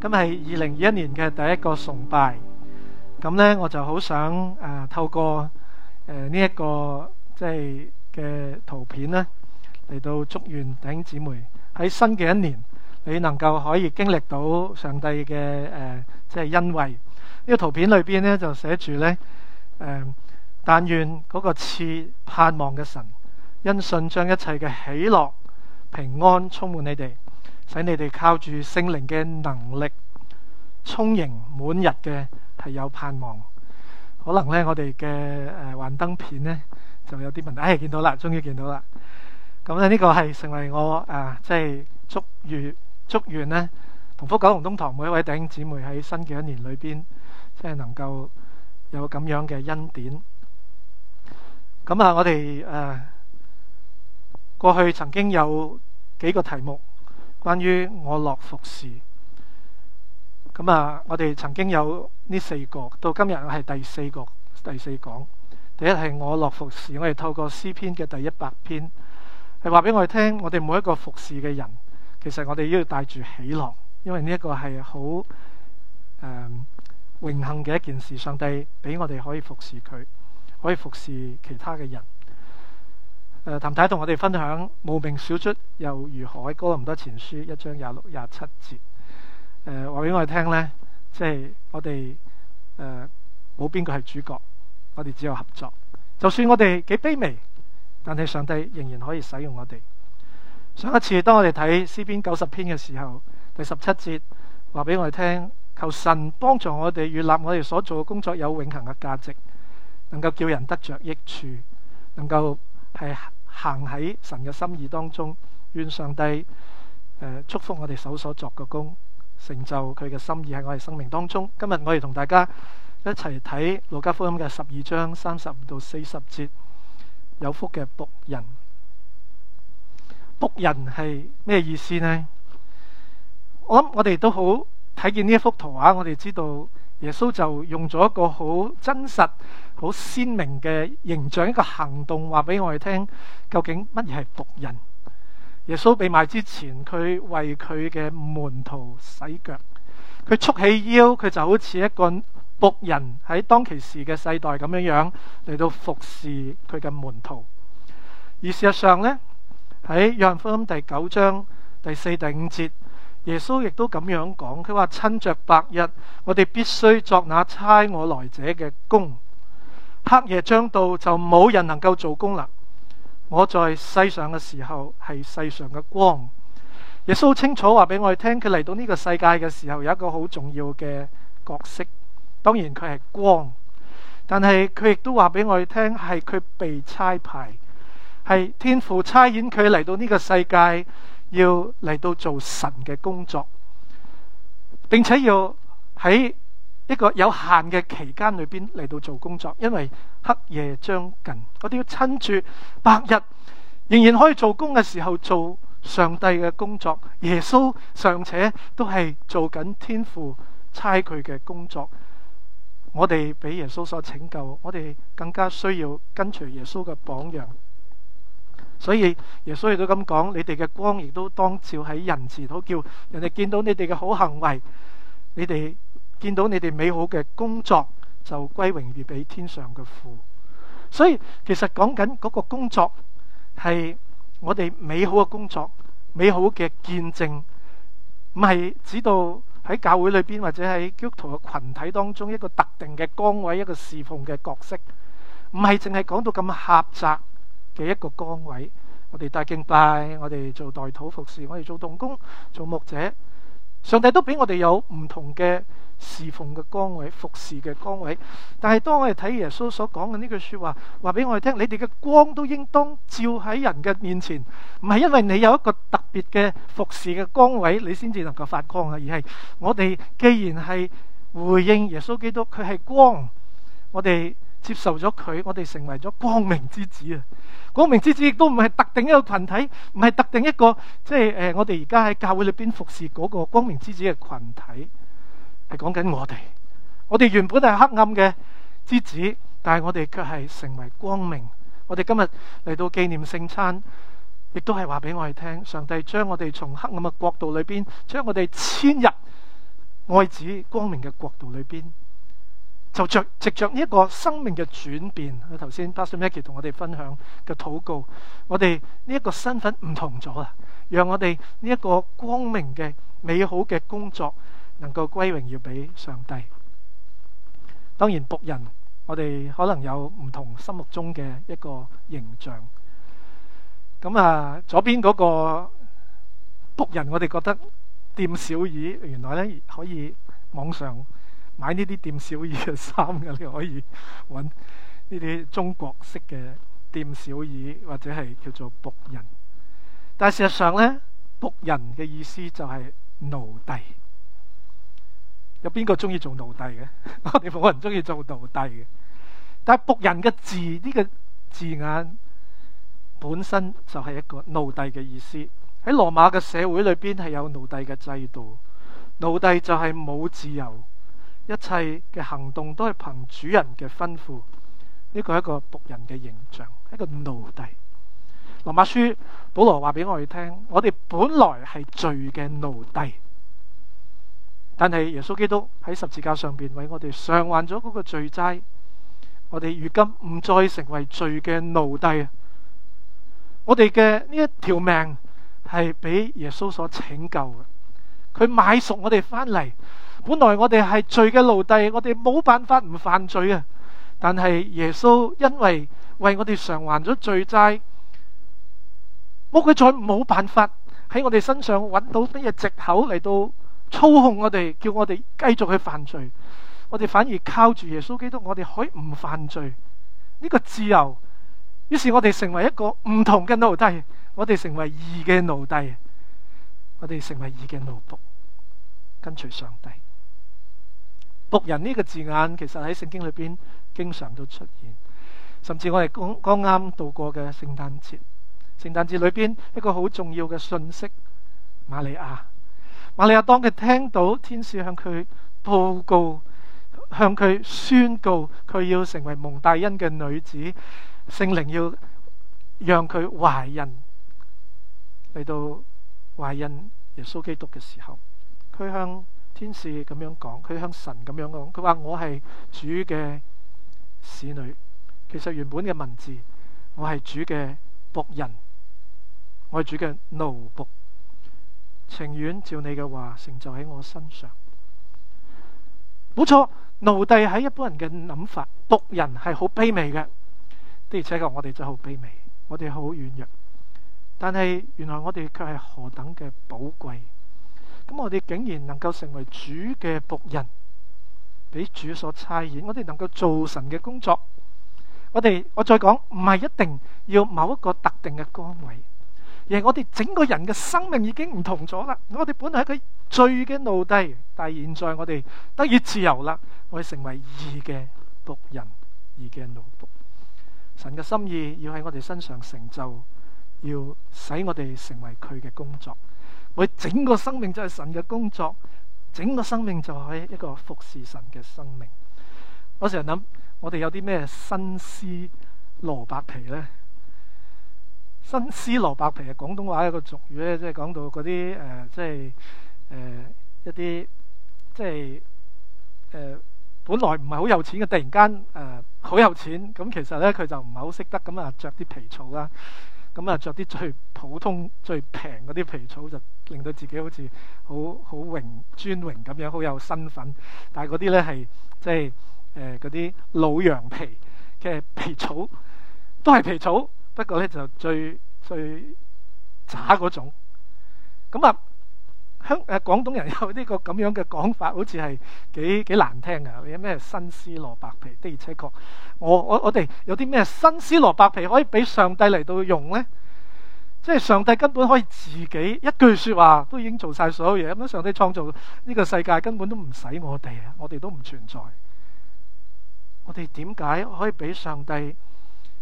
今係二零二一年嘅第一個崇拜，咁呢，我就好想誒、呃、透過呢一、呃這個即係嘅圖片呢，嚟到祝願弟兄姊妹喺新嘅一年，你能夠可以經歷到上帝嘅誒、呃、即係恩惠。呢、這個圖片裏邊呢，就寫住呢：呃「但願嗰個賜盼望嘅神，因信將一切嘅喜樂、平安充滿你哋。」使你哋靠住聖靈嘅能力充盈滿日嘅係有盼望。可能呢，我哋嘅誒幻燈片呢就有啲問題。唉、哎，見到啦，終於見到啦。咁、嗯、咧，呢、這個係成為我誒即係祝願，祝願咧同福九龍東堂每一位弟兄姊妹喺新嘅一年裏邊，即係能夠有咁樣嘅恩典。咁、嗯、啊，我哋誒過去曾經有幾個題目。關於我樂服侍，咁啊，我哋曾經有呢四個，到今日我係第四個第四講。第一係我樂服侍，我哋透過詩篇嘅第一百篇，係話俾我哋聽，我哋每一個服侍嘅人，其實我哋都要帶住喜樂，因為呢一個係好誒榮幸嘅一件事，上帝俾我哋可以服侍佢，可以服侍其他嘅人。誒，譚、呃、太同我哋分享《無名小卒又如何》喺《哥林多前書》一章廿六廿七節誒，話、呃、俾我哋聽呢，即係我哋冇邊個係主角，我哋只有合作。就算我哋幾卑微，但係上帝仍然可以使用我哋。上一次當我哋睇《詩篇》九十篇嘅時候，第十七節話俾我哋聽，求神幫助我哋，與立我哋所做嘅工作有永恆嘅價值，能夠叫人得着益處，能夠。係行喺神嘅心意當中，願上帝、呃、祝福我哋手所作嘅功，成就佢嘅心意喺我哋生命當中。今日我哋同大家一齊睇《路加福音》嘅十二章三十五到四十節，有福嘅僕人。僕人係咩意思呢？我諗我哋都好睇見呢一幅圖畫，我哋知道。耶穌就用咗一個好真實、好鮮明嘅形象，一個行動話俾我哋聽，究竟乜嘢係僕人？耶穌被賣之前，佢為佢嘅門徒洗腳，佢束起腰，佢就好似一個僕人喺當其時嘅世代咁樣樣嚟到服侍佢嘅門徒。而事實上呢，喺約翰福音第九章第四、第五節。耶穌亦都咁樣講，佢話：趁着白日，我哋必須作那差我來者嘅工。黑夜將到，就冇人能夠做工啦。我在世上嘅時候係世上嘅光。耶穌清楚話俾我哋聽，佢嚟到呢個世界嘅時候有一個好重要嘅角色。當然佢係光，但係佢亦都話俾我哋聽係佢被差派，係天父差遣佢嚟到呢個世界。要嚟到做神嘅工作，並且要喺一個有限嘅期間裏邊嚟到做工作，因為黑夜將近，我哋要趁住白日仍然可以做工嘅時候做上帝嘅工作。耶穌尚且都係做緊天父差佢嘅工作，我哋俾耶穌所拯救，我哋更加需要跟隨耶穌嘅榜樣。所以耶穌亦都咁講，你哋嘅光亦都當照喺人前，都叫人哋見到你哋嘅好行為。你哋見到你哋美好嘅工作，就歸榮耀俾天上嘅父。所以其實講緊嗰個工作係我哋美好嘅工作，美好嘅見證，唔係指到喺教會裏邊或者喺基督徒嘅群體當中一個特定嘅崗位，一個侍奉嘅角色，唔係淨係講到咁狹窄。嘅一個崗位，我哋帶敬拜，我哋做代禱服侍，我哋做動工、做牧者，上帝都俾我哋有唔同嘅侍奉嘅崗位、服侍嘅崗位。但係當我哋睇耶穌所講嘅呢句説話，話俾我哋聽，你哋嘅光都應當照喺人嘅面前，唔係因為你有一個特別嘅服侍嘅崗位，你先至能夠發光啊，而係我哋既然係回應耶穌基督，佢係光，我哋，接受咗佢，我哋成為咗光明之子啊！光明之子亦都唔係特定一個群體，唔係特定一個，即係誒，我哋而家喺教會裏邊服侍嗰個光明之子嘅群體，係講緊我哋。我哋原本係黑暗嘅之子，但係我哋卻係成為光明。我哋今日嚟到紀念聖餐，亦都係話俾我哋聽，上帝將我哋從黑暗嘅國度裏邊，將我哋遷入愛子光明嘅國度裏邊。就著藉著呢一個生命嘅轉變，頭先 Pastor Mackie 同我哋分享嘅禱告，我哋呢一個身份唔同咗啊，讓我哋呢一個光明嘅美好嘅工作能夠歸榮耀俾上帝。當然僕人，我哋可能有唔同心目中嘅一個形象。咁啊，左邊嗰個僕人，我哋覺得店小二，原來咧可以網上。買呢啲店小二嘅衫嘅，你可以揾呢啲中國式嘅店小二，或者係叫做僕人。但係事實上呢，僕人嘅意思就係奴隸。有邊個中意做奴隸嘅？ 我哋冇人中意做奴隸嘅。但係僕人嘅字，呢個字眼本身就係一個奴隸嘅意思。喺羅馬嘅社會裏邊係有奴隸嘅制度，奴隸就係冇自由。一切嘅行動都係憑主人嘅吩咐，呢個係一個僕人嘅形象，一個奴隸。羅馬書保羅話俾我哋聽：我哋本來係罪嘅奴隸，但係耶穌基督喺十字架上邊為我哋償還咗嗰個罪債，我哋如今唔再成為罪嘅奴隸。我哋嘅呢一條命係俾耶穌所拯救嘅，佢買贖我哋翻嚟。本來我哋係罪嘅奴隸，我哋冇辦法唔犯罪嘅。但係耶穌因為為我哋償還咗罪債，我佢再冇辦法喺我哋身上揾到乜嘢藉口嚟到操控我哋，叫我哋繼續去犯罪。我哋反而靠住耶穌基督，我哋可以唔犯罪呢個自由。於是我哋成為一個唔同嘅奴隸，我哋成為義嘅奴隸，我哋成為義嘅奴僕，跟隨上帝。僕人呢個字眼，其實喺聖經裏邊經常都出現，甚至我哋剛啱度過嘅聖誕節，聖誕節裏邊一個好重要嘅信息，瑪利亞，瑪利亞當佢聽到天使向佢報告，向佢宣告，佢要成為蒙大恩嘅女子，聖靈要讓佢懷孕，嚟到懷孕耶穌基督嘅時候，佢向天使咁樣講，佢向神咁樣講，佢話我係主嘅使女。其實原本嘅文字，我係主嘅僕人，我係主嘅奴僕，情願照你嘅話成就喺我身上。冇錯，奴隸，喺一般人嘅諗法，僕人係好卑微嘅，的而且確我哋真係好卑微，我哋好軟弱。但係原來我哋卻係何等嘅寶貴。咁我哋竟然能夠成為主嘅僕人，俾主所差遣，我哋能夠做神嘅工作。我哋我再講唔係一定要某一個特定嘅崗位，而係我哋整個人嘅生命已經唔同咗啦。我哋本來係一個罪嘅奴隸，但係現在我哋得以自由啦，我哋成為義嘅僕人，義嘅奴僕。神嘅心意要喺我哋身上成就，要使我哋成為佢嘅工作。我整個生命就係神嘅工作，整個生命就係一個服侍神嘅生命。我成日諗，我哋有啲咩新絲蘿蔔皮呢？新絲蘿蔔皮係廣東話一個俗語咧，即係講到嗰啲誒，即係誒、呃、一啲即係誒、呃、本來唔係好有錢嘅，突然間誒好有錢，咁其實呢，佢就唔係好識得咁啊着啲皮草啊。咁啊，着啲、嗯、最普通、最平嗰啲皮草，就令到自己好似好好榮尊榮咁樣，好有身份。但係嗰啲呢，係即係誒嗰啲老羊皮嘅皮草，都係皮草，不過呢，就最最渣嗰種。咁、嗯、啊～、嗯香誒、呃、廣東人有呢個咁樣嘅講法，好似係幾幾難聽啊！有咩新絲蘿白皮的而且確，確，我我我哋有啲咩新絲蘿白皮可以俾上帝嚟到用呢？即、就、係、是、上帝根本可以自己一句説話都已經做晒所有嘢。咁樣上帝創造呢個世界根本都唔使我哋啊！我哋都唔存在。我哋點解可以俾上帝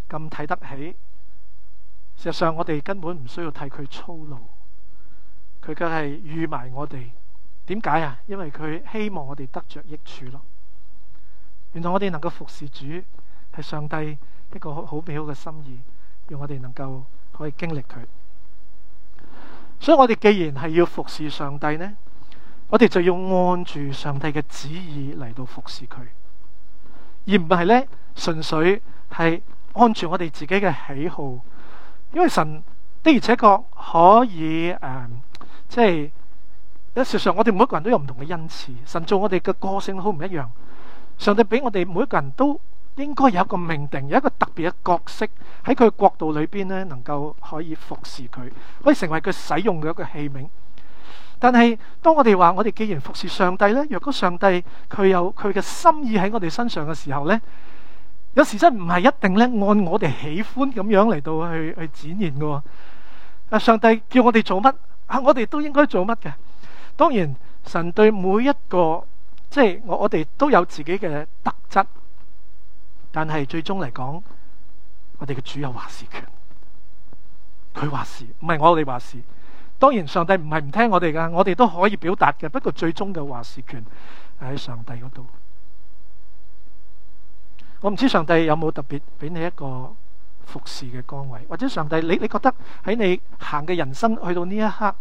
咁睇得起？事實上，我哋根本唔需要替佢操勞。佢梗係預埋我哋，點解啊？因為佢希望我哋得着益處咯。原來我哋能夠服侍主係上帝一個好好美好嘅心意，讓我哋能夠可以經歷佢。所以我哋既然係要服侍上帝呢，我哋就要按住上帝嘅旨意嚟到服侍佢，而唔係呢，純粹係按住我哋自己嘅喜好，因為神的而且確可以誒。呃即係，有事實上，我哋每一個人都有唔同嘅恩賜，甚至我哋嘅個性好唔一樣。上帝俾我哋每一個人都應該有一個命定，有一個特別嘅角色喺佢國度裏邊呢，能夠可以服侍佢，可以成為佢使用嘅一個器皿。但係當我哋話我哋既然服侍上帝呢，若果上帝佢有佢嘅心意喺我哋身上嘅時候呢，有時真唔係一定呢，按我哋喜歡咁樣嚟到去去展現噶。啊，上帝叫我哋做乜？啊！我哋都應該做乜嘅？當然，神對每一個，即係我我哋都有自己嘅特質，但係最終嚟講，我哋嘅主有話事權，佢話事，唔係我哋話事。當然，上帝唔係唔聽我哋㗎，我哋都可以表達嘅。不過最終嘅話事權係喺上帝嗰度。我唔知上帝有冇特別俾你一個。服侍嘅崗位，或者上帝，你你覺得喺你行嘅人生去到呢一刻，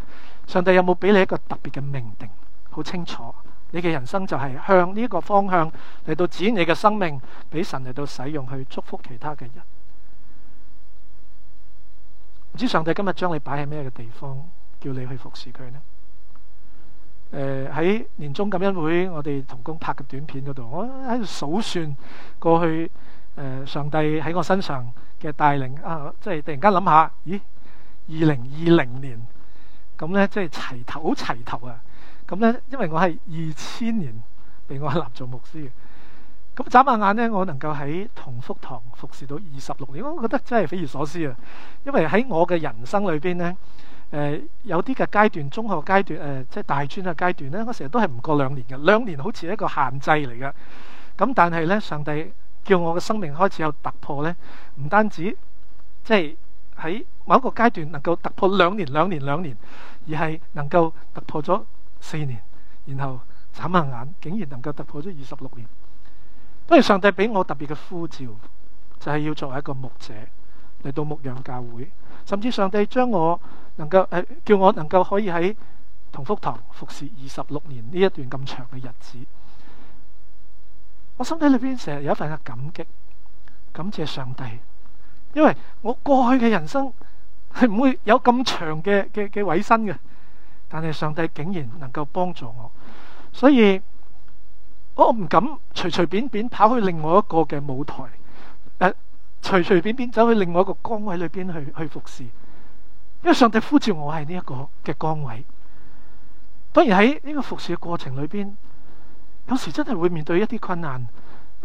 上帝有冇俾你一個特別嘅命定？好清楚，你嘅人生就係向呢個方向嚟到，指你嘅生命俾神嚟到使用，去祝福其他嘅人。唔知上帝今日將你擺喺咩嘅地方，叫你去服侍佢呢？誒、呃，喺年終感恩會，我哋同工拍嘅短片嗰度，我喺度數算過去。誒、呃，上帝喺我身上嘅帶領啊，即係突然間諗下，咦？二零二零年咁呢，即係齊頭好齊頭啊！咁呢，因為我係二千年畀我立做牧師嘅，咁眨下眼呢，我能夠喺同福堂服侍到二十六年，我覺得真係匪夷所思啊！因為喺我嘅人生裏邊呢，誒、呃、有啲嘅階段，中學階段誒、呃，即係大專嘅階段呢，我成日都係唔過兩年嘅，兩年好似係一個限制嚟嘅。咁但係呢，上帝，叫我嘅生命開始有突破呢？唔單止即係喺某一個階段能夠突破兩年、兩年、兩年，而係能夠突破咗四年，然後眨下眼竟然能夠突破咗二十六年。當然，上帝俾我特別嘅呼召，就係要作為一個牧者嚟到牧養教會，甚至上帝將我能夠誒叫我能夠可以喺同福堂服侍二十六年呢一段咁長嘅日子。我心底裏邊成日有一份嘅感激，感謝上帝，因為我過去嘅人生係唔會有咁長嘅嘅嘅委身嘅，但係上帝竟然能夠幫助我，所以我唔敢隨隨便便便跑去另外一個嘅舞台，誒、呃，隨隨便便走去另外一個崗位裏邊去去服侍，因為上帝呼召我係呢一個嘅崗位。當然喺呢個服侍嘅過程裏邊。有時真係會面對一啲困難，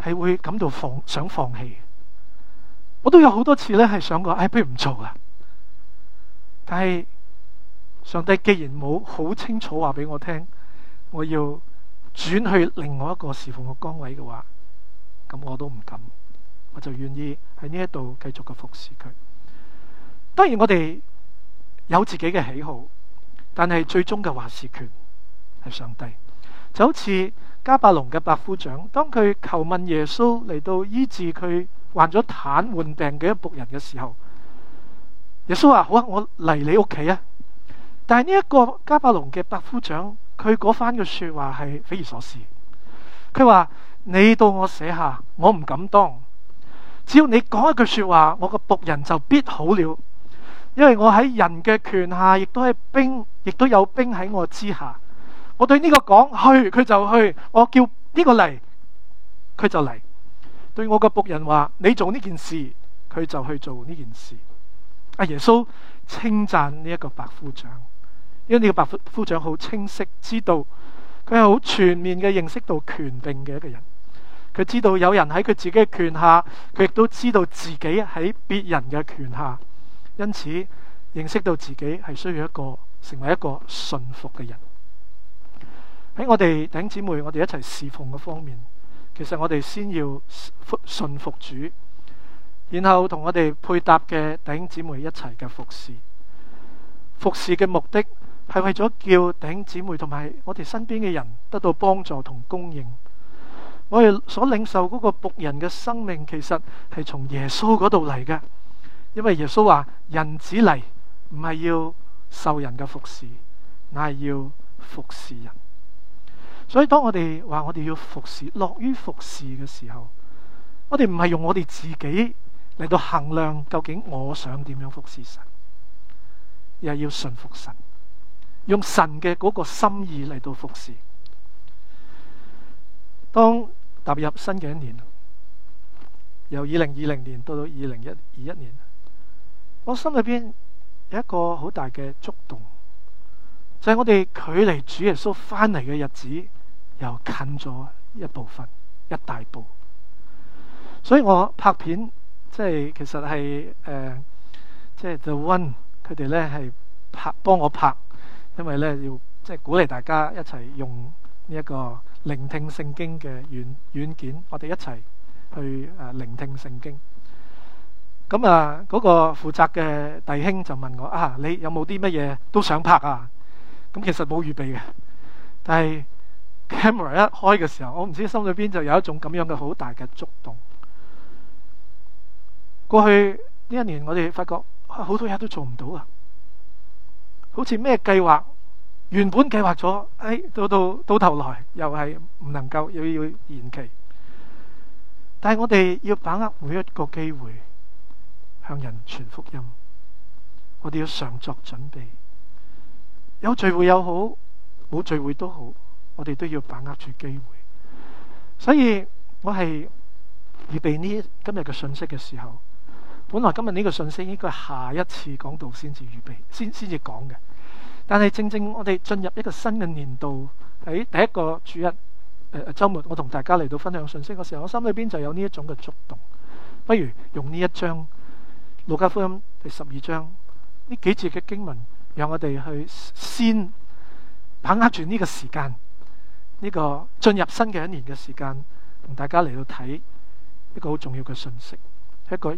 係會感到放想放棄。我都有好多次呢，係想過，哎，不如唔做啦。但係上帝既然冇好清楚話俾我聽，我要轉去另外一個侍奉嘅崗位嘅話，咁我都唔敢，我就願意喺呢一度繼續嘅服侍佢。當然，我哋有自己嘅喜好，但係最終嘅話事權係上帝，就好似。加百隆嘅百夫長，當佢求問耶穌嚟到醫治佢患咗癱瘓病嘅一僕人嘅時候，耶穌話：好啊，我嚟你屋企啊！但係呢一個加百隆嘅百夫長，佢嗰番嘅說話係匪夷所思。佢話：你到我舍下，我唔敢當。只要你講一句說話，我個僕人就必好了，因為我喺人嘅權下，亦都係兵，亦都有兵喺我之下。我對呢個講去，佢就去；我叫呢個嚟，佢就嚟。對我個僕人話你做呢件事，佢就去做呢件事。阿耶穌稱讚呢一個百夫長，因為呢個百夫長好清晰知道佢係好全面嘅認識到權柄嘅一個人。佢知道有人喺佢自己嘅權下，佢亦都知道自己喺別人嘅權下，因此認識到自己係需要一個成為一個信服嘅人。喺我哋弟兄姊妹，我哋一齊侍奉嘅方面，其實我哋先要服順服主，然後同我哋配搭嘅弟兄姊妹一齊嘅服侍。服侍嘅目的係為咗叫弟兄姊妹同埋我哋身邊嘅人得到幫助同供應。我哋所領受嗰個僕人嘅生命，其實係從耶穌嗰度嚟嘅，因為耶穌話：人子嚟，唔係要受人嘅服侍，乃係要服侍人。所以當我哋話我哋要服侍，樂於服侍嘅時候，我哋唔係用我哋自己嚟到衡量究竟我想點樣服侍神，而係要順服神，用神嘅嗰個心意嚟到服侍。當踏入新嘅一年，由二零二零年到到二零二一年，我心裏邊有一個好大嘅觸動，就係、是、我哋距離主耶穌返嚟嘅日子，又近咗一部分，一大步。所以我拍片，即係其實係誒、呃，即係 The One 佢哋呢係拍幫我拍，因為呢要即係鼓勵大家一齊用呢一個聆聽聖經嘅軟軟件，我哋一齊去誒、呃、聆聽聖經。咁啊，嗰、嗰個負責嘅弟兄就問我啊，你有冇啲乜嘢都想拍啊？咁其實冇預備嘅，但係。Camera 一開嘅時候，我唔知心裏邊就有一種咁樣嘅好大嘅觸動。過去呢一年，我哋發覺好多嘢都做唔到啊，好似咩計劃原本計劃咗，誒、哎、到到到頭來又係唔能夠，又要延期。但係我哋要把握每一個機會向人傳福音，我哋要常作準備。有聚會又好，冇聚會都好。我哋都要把握住機會，所以我係預備呢今日嘅信息嘅時候。本來今日呢個信息應該係下一次講道先至預備先先至講嘅。但係正正我哋進入一個新嘅年度，喺第一個主日誒、呃、週末，我同大家嚟到分享信息嘅時候，我心裏邊就有呢一種嘅觸動，不如用呢一章路加福音第十二章呢幾節嘅經文，讓我哋去先把握住呢個時間。呢個進入新嘅一年嘅時間，同大家嚟到睇一個好重要嘅信息，一個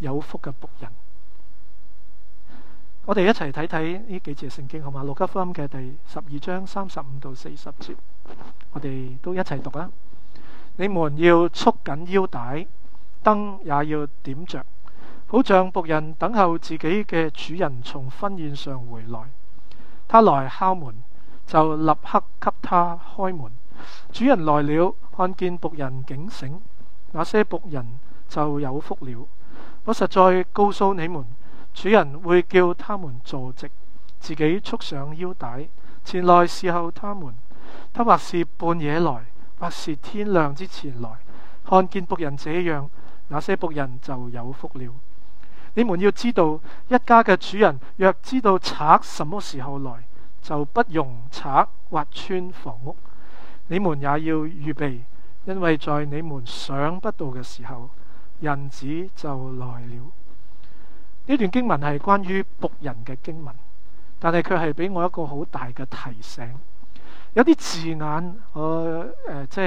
有福嘅僕人。我哋一齊睇睇呢幾節聖經好嘛？《路加福音》嘅第十二章三十五到四十節，我哋都一齊讀啦。你們要束緊腰帶，燈也要點着，好像僕人等候自己嘅主人從婚宴上回來。他來敲門。就立刻給他開門。主人來了，看見僕人警醒，那些僕人就有福了。我實在告訴你們，主人會叫他們坐席，自己束上腰帶，前來侍候他們。他或是半夜來，或是天亮之前來，看見僕人這樣，那些僕人就有福了。你們要知道，一家嘅主人若知道賊什麼時候來，就不容賊挖穿房屋。你們也要預備，因為在你們想不到嘅時候，人子就來了。呢段經文係關於僕人嘅經文，但係佢係俾我一個好大嘅提醒。有啲字眼我誒、呃，即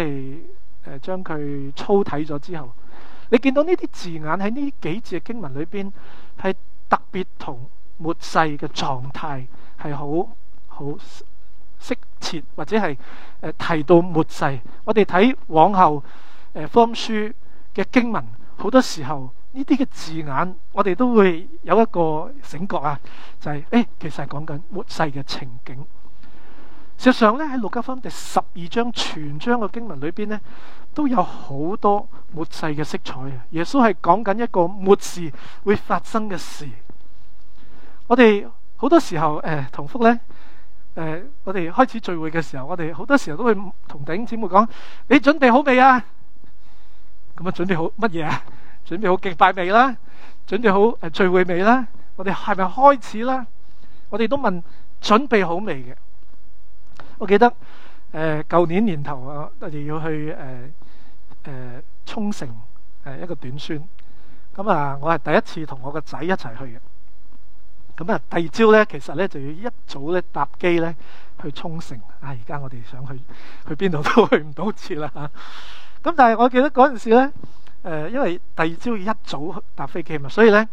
係將佢粗體咗之後，你見到呢啲字眼喺呢幾節嘅經文裏邊，係特別同末世嘅狀態係好。好息切，或者係誒、呃、提到末世，我哋睇往後誒方、呃、書嘅經文，好多時候呢啲嘅字眼，我哋都會有一個醒覺啊，就係、是、誒、哎、其實講緊末世嘅情景。事實上呢，喺《路加福第十二章全章嘅經文裏邊呢，都有好多末世嘅色彩啊！耶穌係講緊一個末世會發生嘅事。我哋好多時候誒重複咧。呃誒、呃，我哋開始聚會嘅時候，我哋好多時候都會同弟兄姊妹講：你準備好未啊？咁、嗯、啊，準備好乜嘢？啊？準備好敬拜未啦？準備好誒、呃、聚會未啦？我哋係咪開始啦？我哋都問準備好未嘅？我記得誒，舊、呃、年年頭我我哋要去誒誒、呃呃、沖繩、呃、一個短宣，咁、嗯、啊、呃，我係第一次同我個仔一齊去嘅。咁啊，第二朝咧，其實咧就要一早咧搭機咧去沖繩。啊，而家我哋想去去邊度都去唔到次啦吓。咁、啊、但係我記得嗰陣時咧，誒、呃，因為第二朝要一早搭飛機嘛，所以咧誒、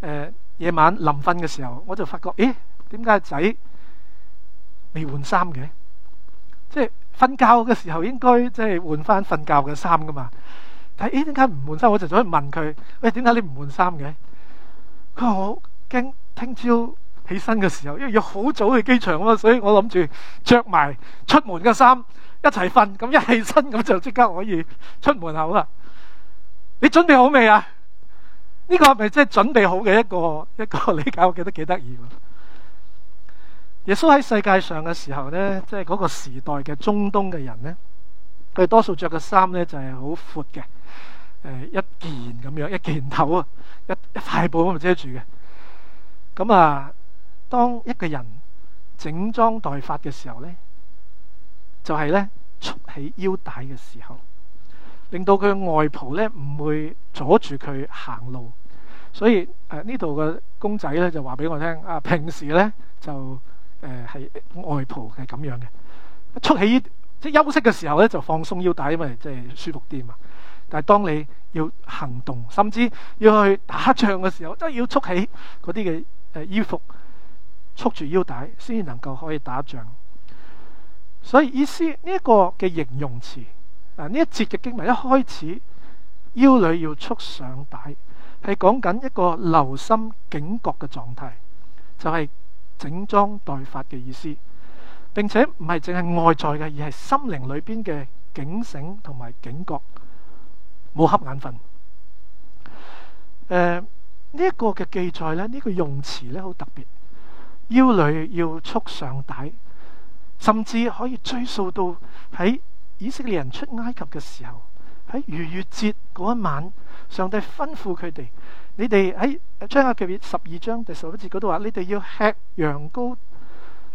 呃、夜晚臨瞓嘅時候，我就發覺，咦，點解仔未換衫嘅？即係瞓覺嘅時候應該即係換返瞓覺嘅衫㗎嘛。但係咦，點解唔換衫？我就走去問佢，喂、欸，點解你唔換衫嘅？佢話我驚。聽朝起身嘅時候，因為要好早去機場吖嘛，所以我諗住着埋出門嘅衫一齊瞓，咁一起身咁就即刻可以出門口啦。你準備好未啊？呢個係咪即係準備好嘅一個一個理解？我記得幾得意。耶穌喺世界上嘅時候呢，即係嗰個時代嘅中東嘅人呢，佢多數着嘅衫呢就係好闊嘅，一件咁樣一件頭啊，一塊布咁啊遮住嘅。咁啊、嗯！當一個人整裝待發嘅時候呢，就係、是、呢，束起腰帶嘅時候，令到佢外袍呢唔會阻住佢行路。所以誒呢度嘅公仔呢，就話俾我聽啊，平時呢就誒係、呃、外袍係咁樣嘅，束起即休息嘅時候呢，就放鬆腰帶，因為即係舒服啲嘛。但係當你要行動，甚至要去打仗嘅時候，真係要束起嗰啲嘅。呃、衣服束住腰帶，先至能夠可以打仗。所以意思呢一、這個嘅形容詞啊，呢、呃、一節嘅經文一開始腰裏要束上帶，係講緊一個留心警覺嘅狀態，就係、是、整裝待發嘅意思，並且唔係淨係外在嘅，而係心靈裏邊嘅警醒同埋警覺，冇瞌眼瞓。誒、呃。呢一個嘅記載咧，呢個用詞咧好特別，腰裏要束上帶，甚至可以追溯到喺以色列人出埃及嘅時候，喺逾越節嗰一晚，上帝吩咐佢哋：，你哋喺《出埃及記》十二章第十一節嗰度話，你哋要吃羊羔，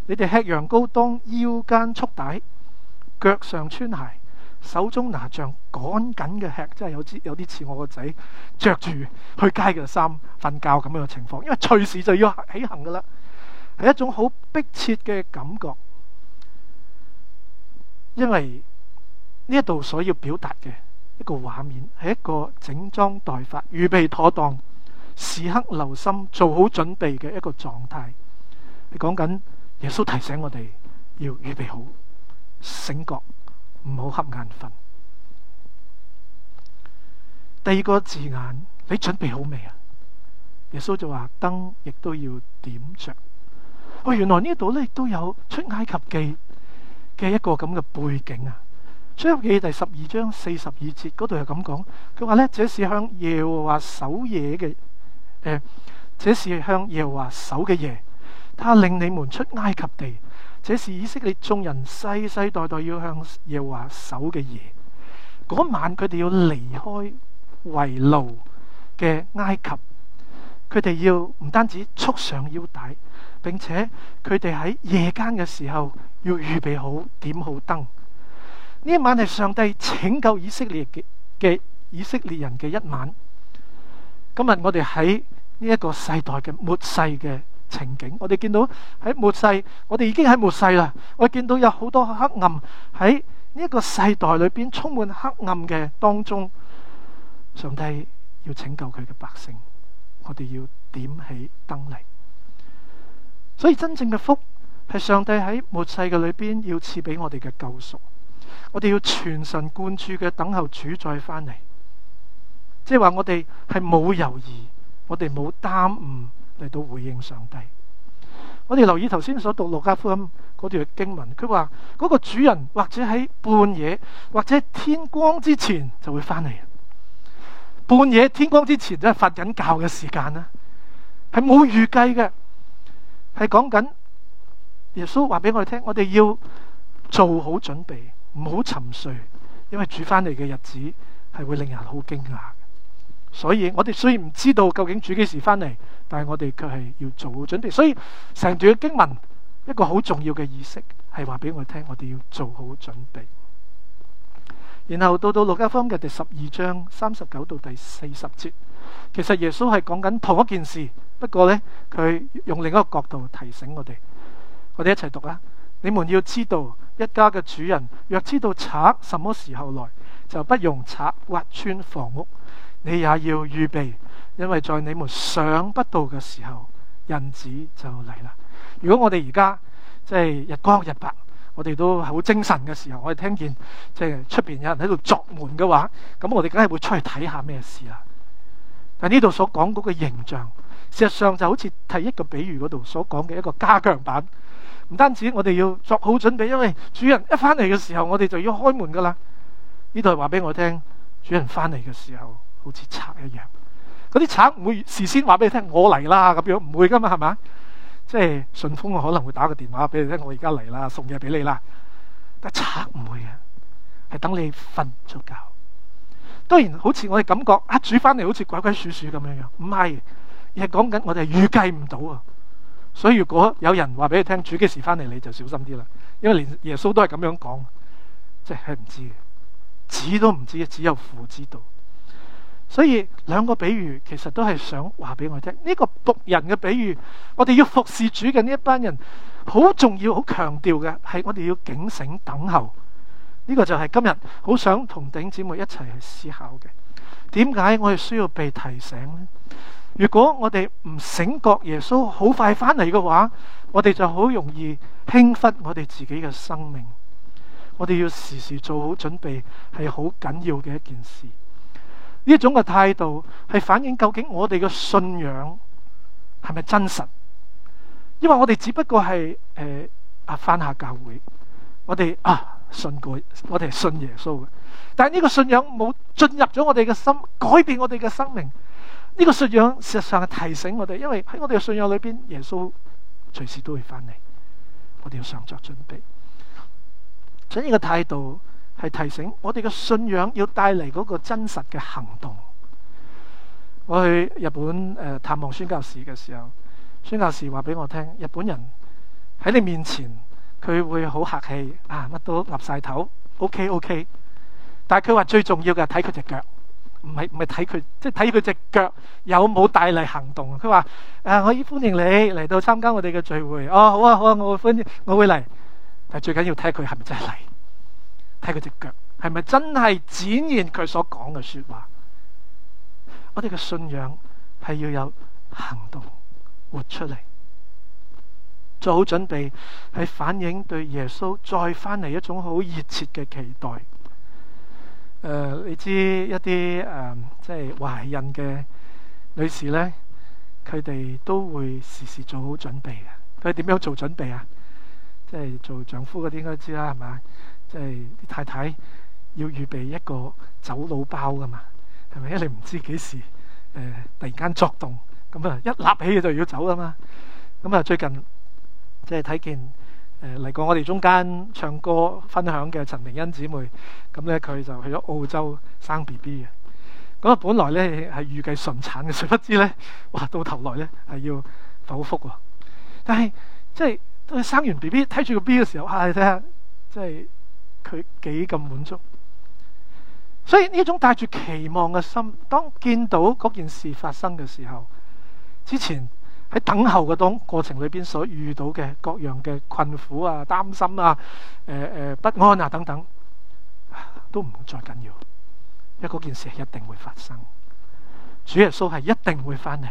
你哋吃羊羔當腰間束帶，腳上穿鞋。手中拿杖，趕緊嘅吃，真係有啲有啲似我個仔着住去街嘅衫瞓覺咁樣嘅情況，因為隨時就要起行噶啦，係一種好迫切嘅感覺。因為呢一度所要表達嘅一個畫面，係一個整裝待發、預備妥當、時刻留心、做好準備嘅一個狀態。你講緊耶穌提醒我哋要預備好醒覺。唔好瞌眼瞓。第二個字眼，你準備好未啊？耶穌就話燈亦都要點着。哦，原來呢度咧亦都有出埃及記嘅一個咁嘅背景啊。出埃及記第十二章四十二節嗰度又咁講，佢話呢，這是向耶和華守夜嘅，誒、呃，這是向耶和華守嘅夜，他領你們出埃及地。這是以色列眾人世世代代要向耶和華守嘅夜。嗰晚佢哋要離開為奴嘅埃及，佢哋要唔單止束上腰帶，並且佢哋喺夜間嘅時候要預備好點好燈。呢一晚係上帝拯救以色列嘅嘅以色列人嘅一晚。今日我哋喺呢一個世代嘅末世嘅，情景，我哋見到喺末世，我哋已經喺末世啦。我見到有好多黑暗喺呢一個世代裏邊充滿黑暗嘅當中，上帝要拯救佢嘅百姓，我哋要點起燈嚟。所以真正嘅福係上帝喺末世嘅裏邊要賜俾我哋嘅救贖，我哋要全神貫注嘅等候主再翻嚟。即係話我哋係冇猶豫，我哋冇耽誤。嚟到回應上帝。我哋留意頭先所讀《路加福音》嗰段經文，佢話嗰個主人或者喺半夜或者天光之前就會翻嚟。半夜天光之前都係瞓緊覺嘅時間啦，係冇預計嘅，係講緊耶穌話俾我哋聽，我哋要做好準備，唔好沉睡，因為主翻嚟嘅日子係會令人好驚訝。所以，我哋雖然唔知道究竟主幾時返嚟，但係我哋卻係要做好準備。所以成段嘅經文一個好重要嘅意識係話俾我聽，我哋要做好準備。然後到到《路加福音》嘅第十二章三十九到第四十節，其實耶穌係講緊同一件事，不過呢，佢用另一個角度提醒我哋。我哋一齊讀啦，你們要知道，一家嘅主人若知道賊什麼時候來，就不用賊挖穿房屋。你也要預備，因為在你們想不到嘅時候，人子就嚟啦。如果我哋而家即係日光日白，我哋都好精神嘅時候，我哋聽見即係出邊有人喺度作門嘅話，咁我哋梗係會出去睇下咩事啦。但呢度所講嗰個形象，事實上就好似第一個比喻嗰度所講嘅一個加強版。唔單止我哋要作好準備，因為主人一返嚟嘅時候，我哋就要開門噶啦。呢度話俾我聽，主人返嚟嘅時候。好似賊一樣，嗰啲賊唔會事先話俾你聽，我嚟啦咁樣，唔會噶嘛，係咪即係順豐可能會打個電話俾你聽，我而家嚟啦，送嘢俾你啦。但係賊唔會嘅，係等你瞓咗覺。當然，好似我哋感覺啊，主翻嚟好似鬼鬼祟祟咁樣樣，唔係，而係講緊我哋係預計唔到啊。所以如果有人話俾你聽主幾時翻嚟，你就小心啲啦。因為連耶穌都係咁樣講，即係唔知嘅，子都唔知，只有父知道。所以兩個比喻其實都係想話俾我聽。呢個僕人嘅比喻，我哋要服侍主嘅呢一班人，好重要、好強調嘅係我哋要警醒等候。呢個就係今日好想同頂姊妹一齊去思考嘅。點解我哋需要被提醒呢？如果我哋唔醒覺耶穌好快返嚟嘅話，我哋就好容易輕忽我哋自己嘅生命。我哋要時時做好準備，係好緊要嘅一件事。呢一種嘅態度，係反映究竟我哋嘅信仰係咪真實？因為我哋只不過係誒啊，翻下教會，我哋啊，信過，我哋係信耶穌嘅，但係呢個信仰冇進入咗我哋嘅心，改變我哋嘅生命。呢、這個信仰事實上係提醒我哋，因為喺我哋嘅信仰裏邊，耶穌隨時都會翻嚟，我哋要上作準備。所以個態度。係提醒我哋嘅信仰要帶嚟嗰個真實嘅行動。我去日本誒、呃、探望宣教士嘅時候，宣教士話俾我聽，日本人喺你面前佢會好客氣啊，乜都岌晒頭，ok ok。但係佢話最重要嘅睇佢隻腳，唔係唔係睇佢，即係睇佢隻腳有冇帶嚟行動。佢話誒，我可以歡迎你嚟到參加我哋嘅聚會。哦，好啊好啊，我會歡迎，我會嚟。但係最緊要睇佢係咪真係嚟。睇佢隻腳係咪真係展現佢所講嘅說話？我哋嘅信仰係要有行動活出嚟，做好準備係反映對耶穌再翻嚟一種好熱切嘅期待。誒、呃，你知一啲誒、呃，即係懷孕嘅女士呢，佢哋都會時時做好準備嘅。佢哋點樣做準備啊？即係做丈夫嗰啲應該知啦，係咪？即係太太要預備一個走佬包噶嘛，係咪，因為你唔知幾時誒、呃，突然間作動咁啊、嗯，一立起佢就要走啦嘛。咁、嗯、啊，最近即係睇見誒嚟、呃、過我哋中間唱歌分享嘅陳明恩姊妹，咁咧佢就去咗澳洲生 B B 嘅。咁啊，本來咧係預計順產嘅，誰不知咧哇，到頭來咧係要剖腹喎。但係即係當佢生完 B B 睇住個 B 嘅時候，嚇、啊、你睇下，即係～佢幾咁滿足，所以呢種帶住期望嘅心，當見到嗰件事發生嘅時候，之前喺等候嘅當過程裏邊所遇到嘅各樣嘅困苦啊、擔心啊、誒、呃、誒、呃、不安啊等等，都唔再緊要，因為嗰件事係一定會發生，主耶穌係一定會翻嚟，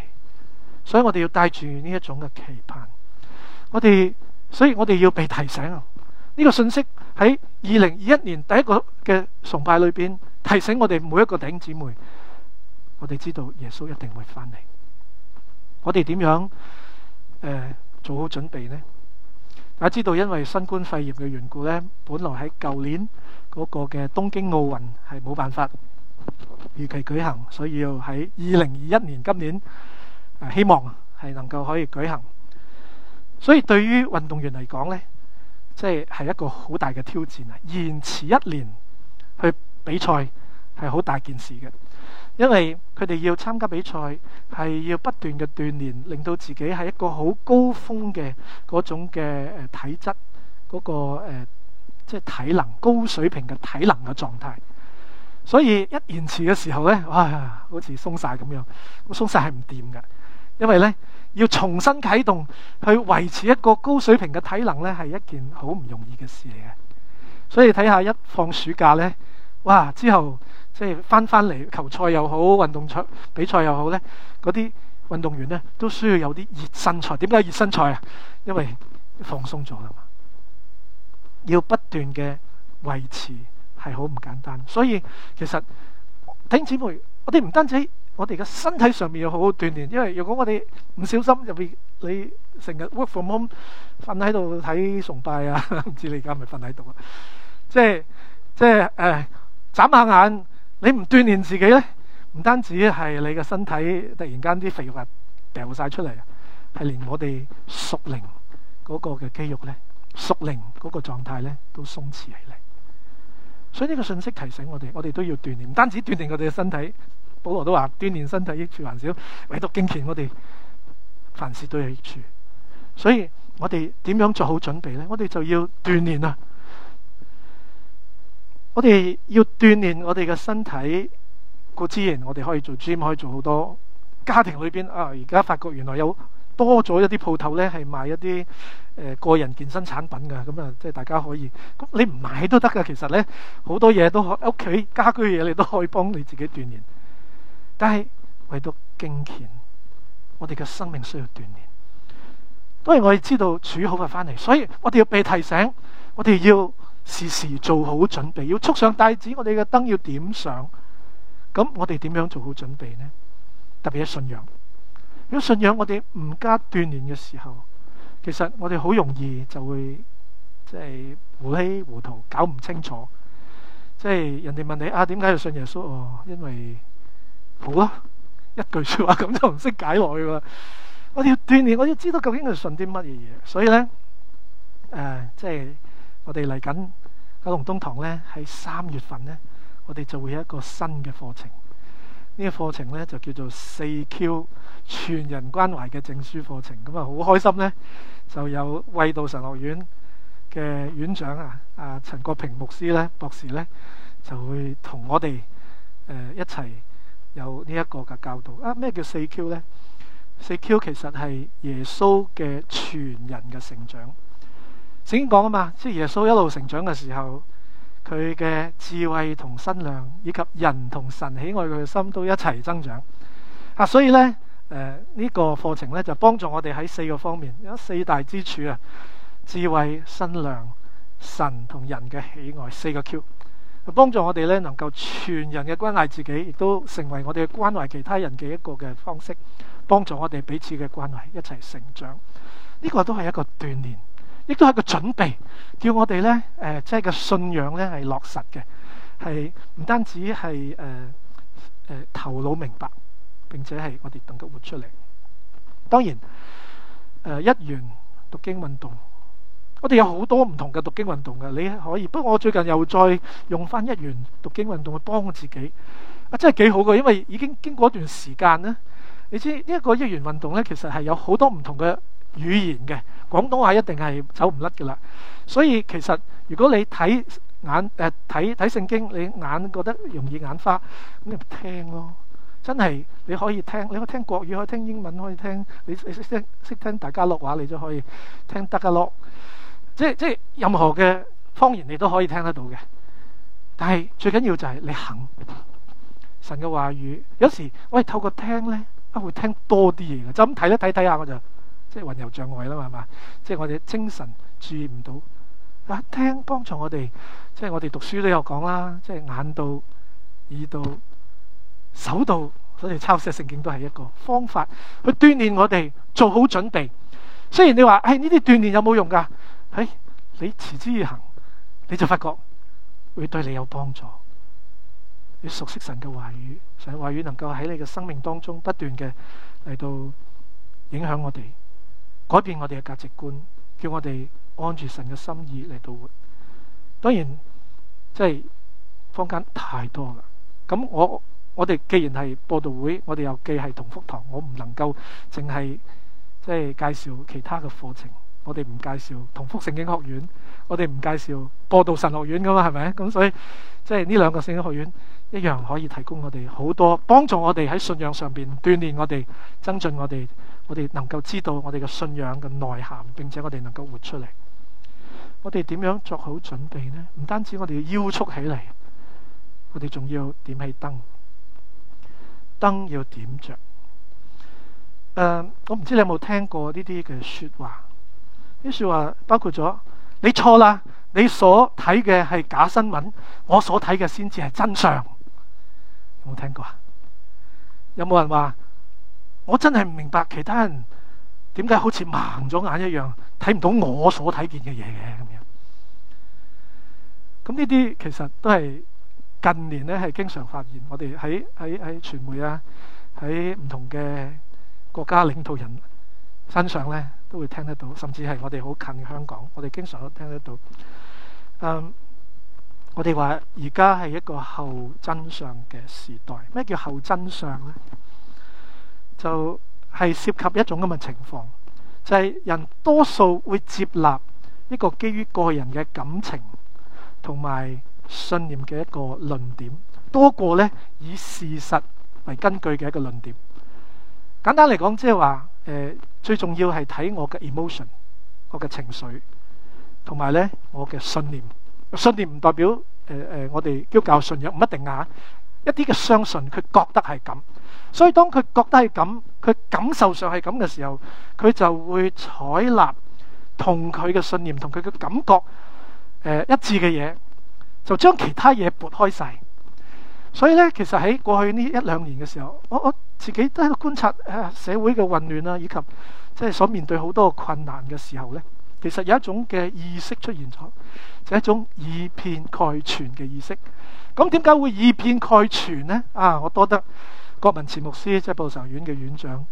所以我哋要帶住呢一種嘅期盼，我哋，所以我哋要被提醒。呢個信息喺二零二一年第一個嘅崇拜裏邊，提醒我哋每一個弟兄姊妹，我哋知道耶穌一定會翻嚟。我哋點樣誒做好準備咧？大家知道因為新冠肺炎嘅緣故咧，本來喺舊年嗰個嘅東京奧運係冇辦法如期舉行，所以要喺二零二一年今年誒希望係能夠可以舉行。所以對於運動員嚟講咧。即係一個好大嘅挑戰啊！延遲一年去比賽係好大件事嘅，因為佢哋要參加比賽係要不斷嘅鍛鍊，令到自己係一個好高峰嘅嗰種嘅誒體質嗰個誒即係體能高水平嘅體能嘅狀態。所以一延遲嘅時候呢，哇！好似鬆晒咁樣，咁鬆晒係唔掂㗎。因為呢，要重新啟動去維持一個高水平嘅體能呢係一件好唔容易嘅事嚟嘅。所以睇下一放暑假呢，哇！之後即係翻翻嚟，球賽又好，運動賽比賽又好呢，嗰啲運動員呢都需要有啲熱身賽。點解熱身賽啊？因為放鬆咗啦嘛，要不斷嘅維持係好唔簡單。所以其實聽姊妹，我哋唔單止。我哋嘅身體上面要好好鍛煉，因為如果我哋唔小心，就會你成日 work from home 瞓喺度睇崇拜啊，唔知你而家係咪瞓喺度啦。即係即係誒、呃，眨下眼，你唔鍛煉自己咧，唔單止係你嘅身體突然間啲肥肉啊掉晒出嚟啊，係連我哋熟齡嗰個嘅肌肉咧，熟齡嗰個狀態咧都鬆弛起嚟。所以呢個信息提醒我哋，我哋都要鍛煉，唔單止鍛煉我哋嘅身體。保羅都話鍛煉身體益處還少，唯獨敬虔我哋凡事都有益處。所以我哋點樣做好準備呢？我哋就要鍛煉啦。我哋要鍛煉我哋嘅身體。固然我哋可以做 gym，可以做好多家庭裏邊啊。而家發覺原來有多咗一啲鋪頭呢，係賣一啲誒、呃、個人健身產品噶。咁啊，即係大家可以咁你唔買都得噶。其實呢，好多嘢都可，屋企家居嘢，你都可以幫你自己鍛煉。但係為到敬虔，我哋嘅生命需要鍛煉。當然，我哋知道主好快翻嚟，所以我哋要被提醒，我哋要時時做好準備，要束上帶子。我哋嘅燈要點上。咁我哋點樣做好準備呢？特別係信仰，如果信仰我哋唔加鍛煉嘅時候，其實我哋好容易就會即係、就是、糊稀糊塗，搞唔清楚。即、就、係、是、人哋問你啊，點解要信耶穌？哦、因為。好咯，一句說話咁就唔識解落去喎。我哋要鍛煉，我要知道究竟佢信啲乜嘢嘢。所以呢，誒、呃，即係我哋嚟緊九龍東堂呢，喺三月份呢，我哋就會有一個新嘅課程。呢、這個課程呢，就叫做四 Q 全人關懷嘅證書課程。咁啊，好開心呢，就有衛道神學院嘅院長啊，阿、呃、陳國平牧師呢，博士呢，就會同我哋，呃、一齊。有呢一個嘅教導啊，咩叫四 Q 呢？四 Q 其實係耶穌嘅全人嘅成長。聖經講啊嘛，即係耶穌一路成長嘅時候，佢嘅智慧同身量，以及人同神喜愛佢嘅心，都一齊增長。啊，所以呢，誒、呃、呢、呢個課程呢，就幫助我哋喺四個方面，有四大支柱啊：智慧、身量、神同人嘅喜愛，四個 Q。幫助我哋咧，能夠全人嘅關愛自己，亦都成為我哋關懷其他人嘅一個嘅方式，幫助我哋彼此嘅關懷，一齊成長。呢、這個都係一個鍛煉，亦都係一個準備，叫我哋呢，誒、呃，即係個信仰呢係落實嘅，係唔單止係誒誒頭腦明白，並且係我哋能夠活出嚟。當然，誒、呃、一元讀經運動。我哋有好多唔同嘅讀經運動嘅，你可以。不過我最近又再用翻一元讀經運動去幫自己啊，真係幾好嘅。因為已經經過一段時間呢，你知呢一個一元運動呢，其實係有好多唔同嘅語言嘅。廣東話一定係走唔甩嘅啦。所以其實如果你睇眼誒睇睇聖經，你眼覺得容易眼花咁就聽咯。真係你，你可以聽，你可以聽國語，可以聽英文，可以聽你你識聽識聽大家樂話，你都可以聽得㗎咯。即係即係任何嘅方言，你都可以聽得到嘅。但係最緊要就係你肯神嘅話語。有時我哋透過聽呢，啊會聽多啲嘢嘅。就咁睇一睇睇下，我就即係混入障礙啦嘛。即係我哋精神注意唔到啊，聽幫助我哋。即係我哋讀書都有講啦，即係眼到、耳到、手到，所以抄寫聖經都係一個方法去鍛煉我哋做好準備。雖然你話唉呢啲鍛煉有冇用噶？哎，你持之以恆，你就發覺會對你有幫助。要熟悉神嘅話語，神嘅話語能夠喺你嘅生命當中不斷嘅嚟到影響我哋，改變我哋嘅價值觀，叫我哋按住神嘅心意嚟到活。當然，即係坊間太多啦。咁我我哋既然係播道會，我哋又既係同福堂，我唔能夠淨係即係介紹其他嘅課程。我哋唔介紹同福聖經學院，我哋唔介紹播道神學院，噶嘛係咪咁？所以即係呢兩個聖經學院一樣可以提供我哋好多幫助，我哋喺信仰上邊鍛鍊我哋，增進我哋，我哋能夠知道我哋嘅信仰嘅內涵，並且我哋能夠活出嚟。我哋點樣做好準備呢？唔單止我哋要腰束起嚟，我哋仲要點起燈，燈要點著。誒，我唔知你有冇聽過呢啲嘅説話？於是話包括咗你錯啦，你所睇嘅係假新聞，我所睇嘅先至係真相。有冇聽過啊？有冇人話我真係唔明白其他人點解好似盲咗眼一樣睇唔到我所睇見嘅嘢嘅咁樣？咁呢啲其實都係近年咧，係經常發現，我哋喺喺喺傳媒啊，喺唔同嘅國家領導人身上咧，都會聽得到，甚至係我哋好近香港，我哋經常都聽得到。誒、嗯，我哋話而家係一個後真相嘅時代，咩叫後真相呢？就係、是、涉及一種咁嘅情況，就係、是、人多數會接納一個基於個人嘅感情同埋信念嘅一個論點，多過呢，以事實為根據嘅一個論點。簡單嚟講，即係話誒。最重要係睇我嘅 emotion，我嘅情緒，同埋呢我嘅信念。信念唔代表誒誒、呃呃，我哋叫教信仰，唔一定啊。一啲嘅相信，佢覺得係咁，所以當佢覺得係咁，佢感受上係咁嘅時候，佢就會採納同佢嘅信念同佢嘅感覺誒、呃、一致嘅嘢，就將其他嘢撥開晒。所以呢，其實喺過去呢一兩年嘅時候，我我，自己都喺度觀察社會嘅混亂啊，以及即係所面對好多困難嘅時候呢，其實有一種嘅意識出現咗，係、就是、一種以偏概全嘅意識。咁點解會以偏概全呢？啊，我多得郭文池牧師即係、就是、播神嘅院長，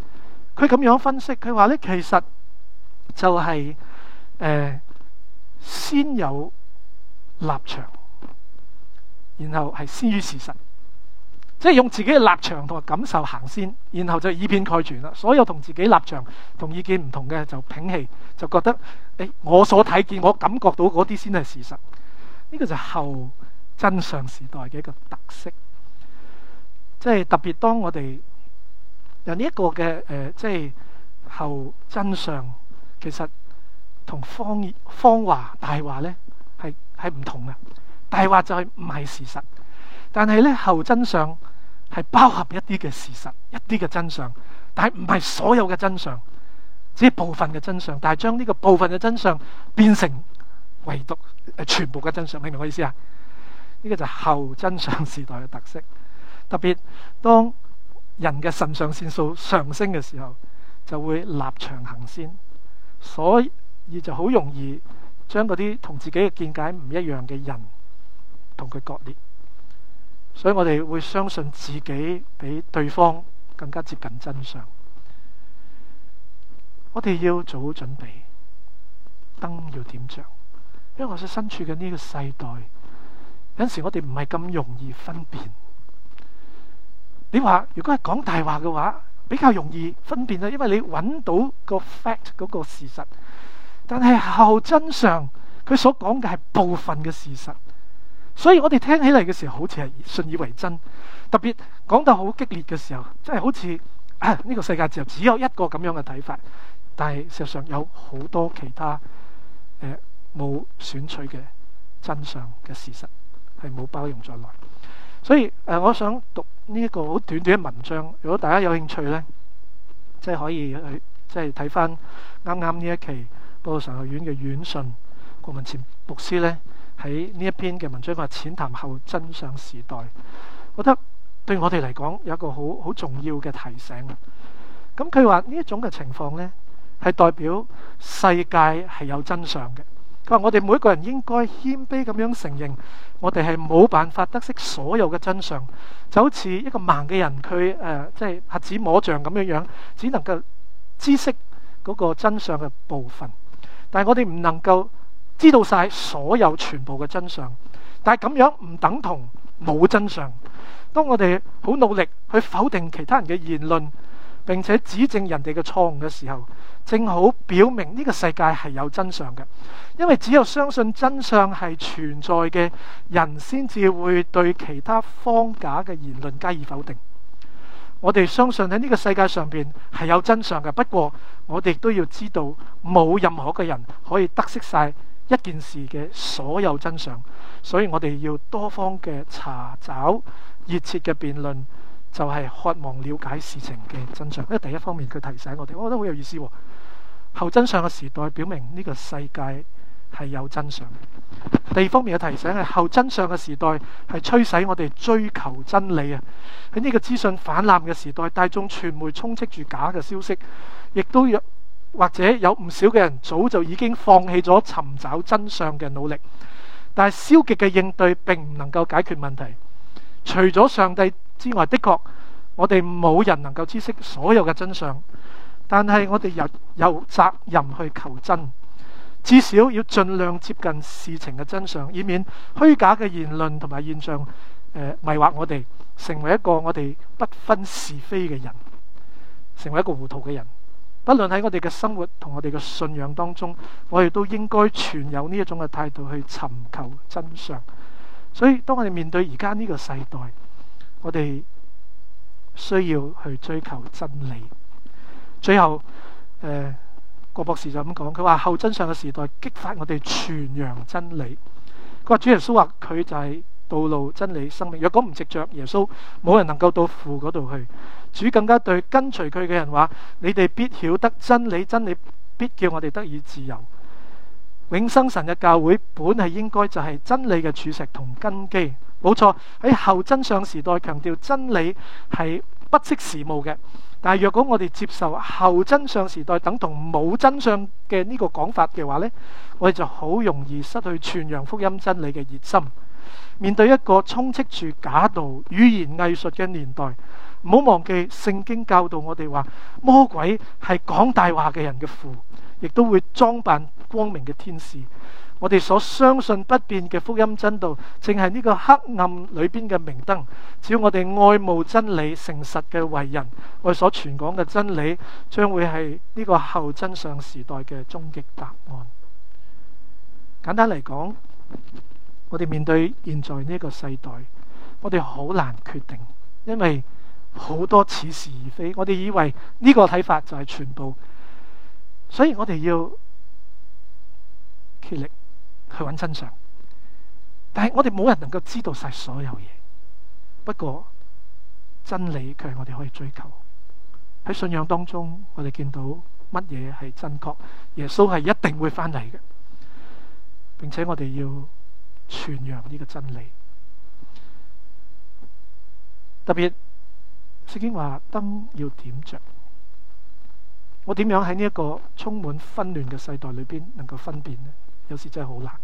佢咁樣分析，佢話呢其實就係、是、誒、呃、先有立場，然後係先於事實。即係用自己嘅立場同埋感受行先，然後就以偏概全啦。所有同自己立場同意見唔同嘅就摒棄，就覺得誒、哎，我所睇見我感覺到嗰啲先係事實。呢、這個就係後真相時代嘅一個特色。即係特別當我哋有呢一個嘅誒、呃，即係後真相，其實同方方華大話呢係係唔同嘅。大話就係唔係事實，但係呢後真相。係包含一啲嘅事實，一啲嘅真相，但係唔係所有嘅真相，只部分嘅真相，但係將呢個部分嘅真相變成唯獨、呃、全部嘅真相，明唔明我意思啊？呢、這個就係後真相時代嘅特色，特別當人嘅腎上腺素上升嘅時候，就會立場行先，所以就好容易將嗰啲同自己嘅見解唔一樣嘅人同佢割裂。所以我哋會相信自己比對方更加接近真相。我哋要做好準備，燈要點着，因為我哋身處嘅呢個世代，有陣時我哋唔係咁容易分辨你。你話如果係講大話嘅話，比較容易分辨啦，因為你揾到個 fact 嗰個事實，但係後真相佢所講嘅係部分嘅事實。所以我哋聽起嚟嘅時候，好似係信以為真，特別講到好激烈嘅時候，即、就、係、是、好似呢、啊這個世界只有只有一個咁樣嘅睇法，但係事實上有好多其他冇、呃、選取嘅真相嘅事實係冇包容在內。所以誒、呃，我想讀呢一個好短短嘅文章，如果大家有興趣呢，即係可以去即係睇返啱啱呢一期《播道神學院》嘅院訊郭文前牧師呢。喺呢一篇嘅文章話，淺談後真相時代，我覺得對我哋嚟講有一個好好重要嘅提醒。咁佢話呢一種嘅情況咧，係代表世界係有真相嘅。佢話我哋每個人應該謙卑咁樣承認，我哋係冇辦法得悉所有嘅真相，就好似一個盲嘅人佢誒、呃，即係瞎子摸象咁樣樣，只能夠知識嗰個真相嘅部分，但係我哋唔能夠。知道晒所有全部嘅真相，但係咁樣唔等同冇真相。當我哋好努力去否定其他人嘅言論，並且指正人哋嘅錯誤嘅時候，正好表明呢個世界係有真相嘅。因為只有相信真相係存在嘅人，先至會對其他方假嘅言論加以否定。我哋相信喺呢個世界上邊係有真相嘅，不過我哋都要知道冇任何嘅人可以得悉晒。一件事嘅所有真相，所以我哋要多方嘅查找、熱切嘅辯論，就係、是、渴望了解事情嘅真相。因為第一方面，佢提醒我哋，我覺得好有意思、哦。後真相嘅時代表明呢個世界係有真相。第二方面嘅提醒係後真相嘅時代係驅使我哋追求真理啊！喺呢個資訊氾濫嘅時代，大眾傳媒充斥住假嘅消息，亦都有。或者有唔少嘅人早就已經放棄咗尋找真相嘅努力，但係消極嘅應對並唔能夠解決問題。除咗上帝之外，的確我哋冇人能夠知悉所有嘅真相，但係我哋有有責任去求真，至少要盡量接近事情嘅真相，以免虛假嘅言論同埋現象誒、呃、迷惑我哋，成為一個我哋不分是非嘅人，成為一個糊塗嘅人。不論喺我哋嘅生活同我哋嘅信仰當中，我哋都應該存有呢一種嘅態度去尋求真相。所以當我哋面對而家呢個世代，我哋需要去追求真理。最後，誒、呃、郭博士就咁講，佢話後真相嘅時代激發我哋傳揚真理。佢話主耶穌話佢就係、是。道路、真理、生命。若果唔藉着耶穌，冇人能夠到父嗰度去。主更加對跟隨佢嘅人話：你哋必曉得真理，真理必叫我哋得以自由。永生神嘅教會本係應該就係真理嘅柱石同根基，冇錯，喺後真相時代強調真理係不識時務嘅。但係若果我哋接受後真相時代等同冇真相嘅呢個講法嘅話咧，我哋就好容易失去傳揚福音真理嘅熱心。面對一個充斥住假道、語言藝術嘅年代，唔好忘記聖經教導我哋話，魔鬼係講大話嘅人嘅父，亦都會裝扮光明嘅天使。我哋所相信不變嘅福音真道，正係呢個黑暗裏面嘅明燈。只要我哋愛慕真理、誠實嘅為人，我哋所傳講嘅真理，將會係呢個後真相時代嘅終極答案。簡單嚟講。我哋面對現在呢個世代，我哋好難決定，因為好多似是而非。我哋以為呢個睇法就係全部，所以我哋要竭力去揾真相。但係我哋冇人能夠知道晒所有嘢。不過真理卻係我哋可以追求。喺信仰當中，我哋見到乜嘢係真確。耶穌係一定會翻嚟嘅，並且我哋要。傳揚呢個真理特別，特別聖經話燈要點着，我點樣喺呢一個充滿紛亂嘅世代裏邊能夠分辨呢？有時真係好難，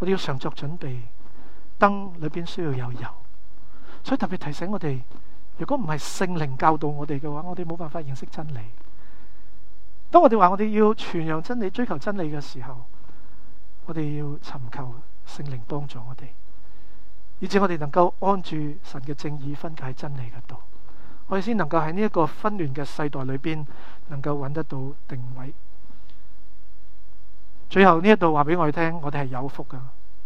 我哋要常作準備，燈裏邊需要有油。所以特別提醒我哋，如果唔係聖靈教導我哋嘅話，我哋冇辦法認識真理。當我哋話我哋要傳揚真理、追求真理嘅時候，我哋要尋求聖靈幫助我哋，以至，我哋能夠按住神嘅正義分解真理嘅道，我哋先能夠喺呢一個紛亂嘅世代裏邊，能夠揾得到定位。最後呢一度話俾我哋聽，我哋係有福噶，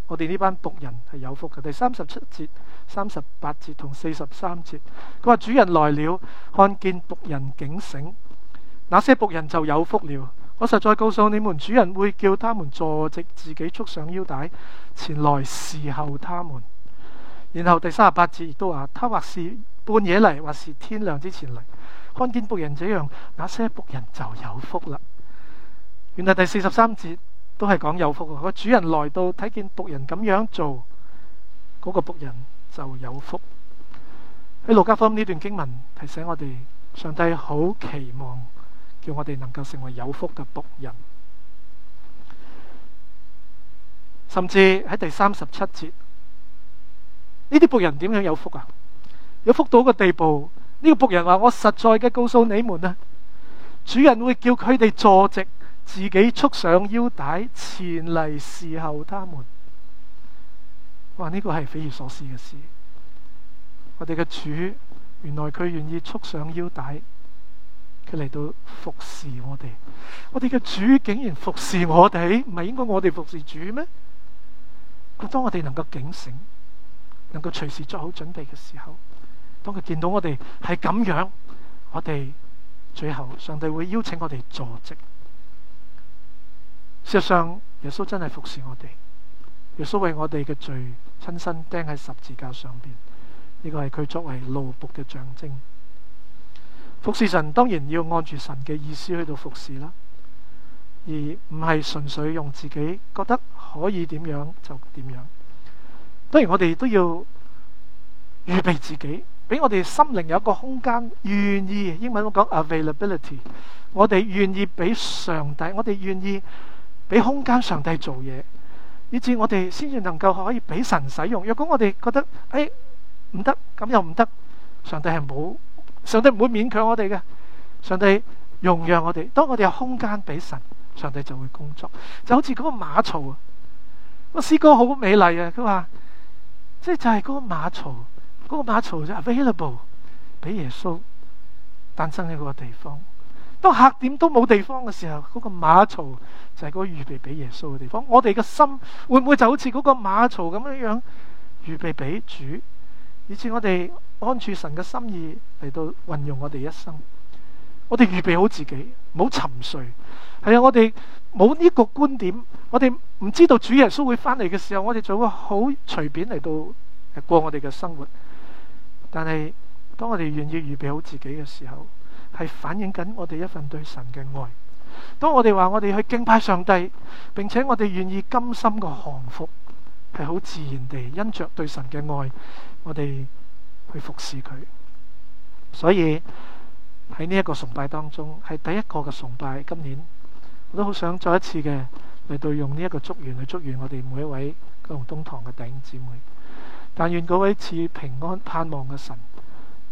我哋呢班僕人係有福嘅。第三十七節、三十八節同四十三節，佢話主人來了，看見僕人警醒，那些僕人就有福了。我實在告訴你們，主人會叫他們坐席，自己束上腰帶，前來侍候他們。然後第三十八節亦都話，他或是半夜嚟，或是天亮之前嚟，看見僕人這樣，那些僕人就有福啦。原來第四十三節都係講有福啊！個主人來到，睇見僕人咁樣做，嗰個僕人就有福。喺路加福音呢段經文提醒我哋，上帝好期望。叫我哋能夠成為有福嘅僕人，甚至喺第三十七節，呢啲僕人點樣有福啊？有福到一個地步，呢、這個僕人話：我實在嘅告訴你們啊，主人會叫佢哋坐席，自己束上腰帶，前嚟侍候他們。哇！呢、這個係匪夷所思嘅事。我哋嘅主，原來佢願意束上腰帶。佢嚟到服侍我哋，我哋嘅主竟然服侍我哋，唔係應該我哋服侍主咩？當我哋能夠警醒，能夠隨時做好準備嘅時候，當佢見到我哋係咁樣，我哋最後上帝會邀請我哋坐席。事實上，耶穌真係服侍我哋，耶穌為我哋嘅罪親身釘喺十字架上邊，呢、這個係佢作為奴僕嘅象徵。服侍神當然要按住神嘅意思去到服侍啦，而唔係純粹用自己覺得可以點樣就點樣。當然我哋都要預備自己，俾我哋心靈有一個空間，願意英文都講 availability，我哋願意俾上帝，我哋願意俾空間上帝做嘢，以致我哋先至能夠可以俾神使用。若果我哋覺得誒唔得，咁、哎、又唔得，上帝係冇。上帝唔會勉強我哋嘅，上帝容讓我哋。當我哋有空間俾神，上帝就會工作。就好似嗰個馬槽，個詩歌好美麗啊！佢話即係就係、是、嗰個馬槽，嗰、那個馬槽就 available 俾耶穌誕生喺嗰個地方。當客店都冇地方嘅時候，嗰、那個馬槽就係嗰個預備俾耶穌嘅地方。我哋嘅心會唔會就好似嗰個馬槽咁樣樣預備俾主？以至我哋。安處神嘅心意嚟到運用我哋一生，我哋預備好自己，唔好沉睡。係啊，我哋冇呢個觀點，我哋唔知道主耶穌會翻嚟嘅時候，我哋就會好隨便嚟到過我哋嘅生活。但係當我哋願意預備好自己嘅時候，係反映緊我哋一份對神嘅愛。當我哋話我哋去敬拜上帝，並且我哋願意甘心嘅降服，係好自然地因着對神嘅愛，我哋去服侍佢，所以喺呢一個崇拜當中，係第一個嘅崇拜。今年我都好想再一次嘅嚟到，用呢一個祝願去祝願我哋每一位九龍東堂嘅弟兄姊妹。但願嗰位賜平安盼望嘅神，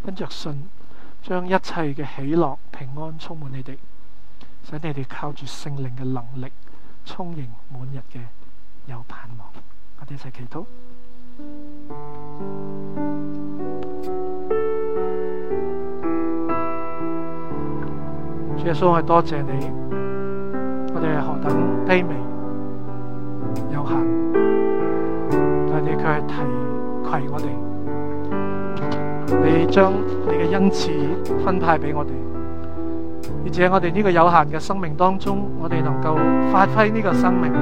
因着信，將一切嘅喜樂平安充滿你哋，使你哋靠住聖靈嘅能力，充盈滿日嘅有盼望。我哋一齊祈禱。主耶穌，Jesus，我哋多謝你，我哋係何等卑微有限，但你卻係提携我哋，你將你嘅恩賜分派俾我哋，而且我哋呢個有限嘅生命當中，我哋能夠發揮呢個生命，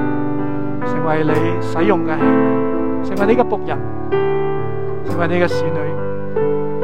成為你使用嘅器皿，成為呢個僕人，成為呢個使女。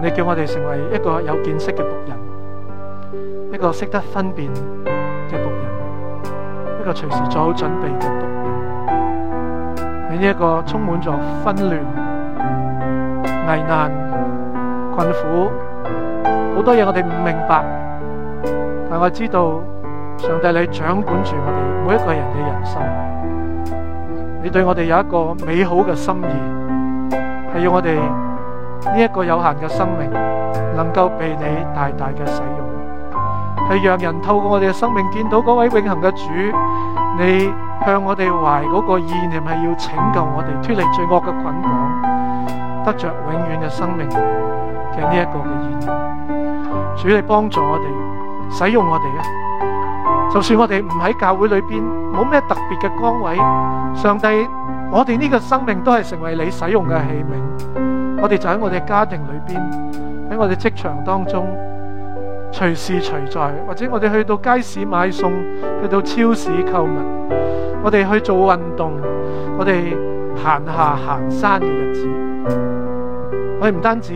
你叫我哋成為一個有見識嘅僕人，一個識得分辨嘅僕人，一個隨時做好準備嘅僕人。喺呢一個充滿咗紛亂、危難、困苦，好多嘢我哋唔明白，但我知道上帝你掌管住我哋每一個人嘅人生，你對我哋有一個美好嘅心意，係要我哋。呢一個有限嘅生命，能夠被你大大嘅使用，係讓人透過我哋嘅生命見到嗰位永恆嘅主。你向我哋懷嗰個意念，係要拯救我哋脫離罪惡嘅捆綁，得着永遠嘅生命嘅呢一個嘅意念。主你幫助我哋，使用我哋啊！就算我哋唔喺教會裏邊，冇咩特別嘅崗位，上帝，我哋呢個生命都係成為你使用嘅器皿。我哋就喺我哋家庭裏邊，喺我哋職場當中，隨時隨在，或者我哋去到街市買餸，去到超市購物，我哋去做運動，我哋行下行山嘅日子，我哋唔單止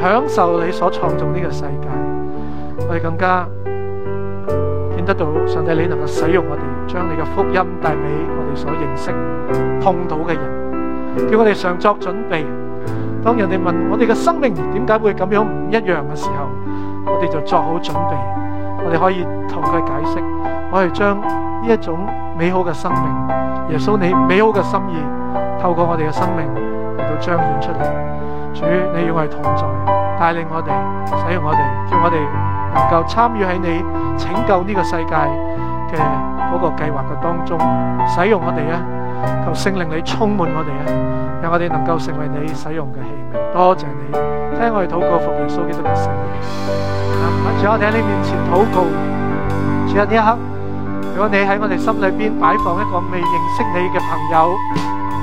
享受你所創造呢個世界，我哋更加見得到上帝，你能夠使用我哋，將你嘅福音帶俾我哋所認識、碰到嘅人，叫我哋常作準備。當人哋問我哋嘅生命點解會咁樣唔一樣嘅時候，我哋就做好準備，我哋可以同佢解釋，我哋將呢一種美好嘅生命，耶穌你美好嘅心意，透過我哋嘅生命嚟到彰顯出嚟。主，你與我哋同在，帶領我哋，使用我哋，叫我哋能夠參與喺你拯救呢個世界嘅嗰個計劃嘅當中，使用我哋啊！求聖靈你充滿我哋啊！讓我哋能夠成為你使用嘅器皿，多謝你聽我哋禱告，奉耶穌基督嘅聖名。主，我哋喺你面前禱告，主喺呢一刻，如果你喺我哋心裏邊擺放一個未認識你嘅朋友、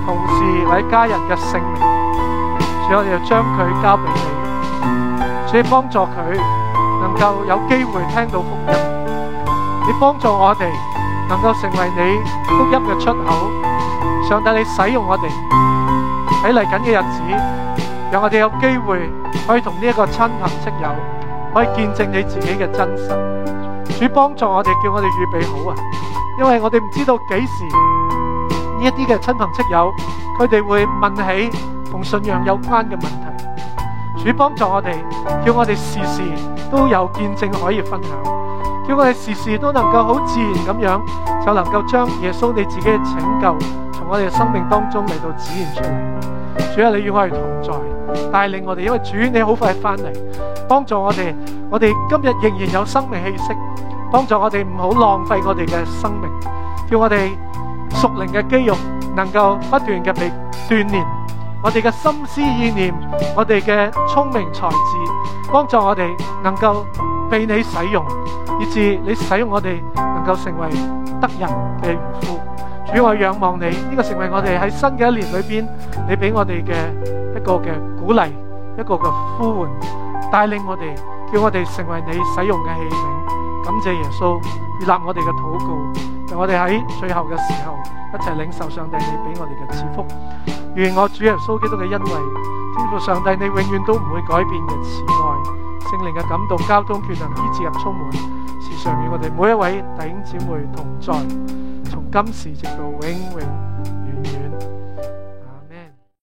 同事或家人嘅性命，主，我哋就將佢交俾你，主，幫助佢能夠有機會聽到福音。你幫助我哋能夠成為你福音嘅出口，上帝，你使用我哋。喺嚟緊嘅日子，讓我哋有機會可以同呢一個親朋戚友可以見證你自己嘅真實。主，幫助我哋，叫我哋預備好啊！因為我哋唔知道幾時呢一啲嘅親朋戚友，佢哋會問起同信仰有關嘅問題。主，幫助我哋，叫我哋時時都有見證可以分享，叫我哋時時都能夠好自然咁樣就能夠將耶穌你自己嘅拯救我哋生命當中嚟到展現出嚟，主啊，你與我哋同在，帶領我哋，因為主你好快翻嚟，幫助我哋。我哋今日仍然有生命氣息，幫助我哋唔好浪費我哋嘅生命，叫我哋屬靈嘅肌肉能夠不斷嘅被鍛煉，我哋嘅心思意念，我哋嘅聰明才智，幫助我哋能夠被你使用，以致你使用我哋能夠成為得人嘅。叫我仰望你，呢個成為我哋喺新嘅一年裏邊，你俾我哋嘅一個嘅鼓勵，一個嘅呼喚，帶領我哋，叫我哋成為你使用嘅器皿。感謝耶穌，立我哋嘅禱告。讓我哋喺最後嘅時候，一齊領受上帝你俾我哋嘅賜福。願我主耶穌基督嘅恩惠、天父上帝你永遠都唔會改變嘅慈愛、聖靈嘅感動、交通、全能、醫治及充滿，時常與我哋每一位弟兄姊妹同在。今時直到永永。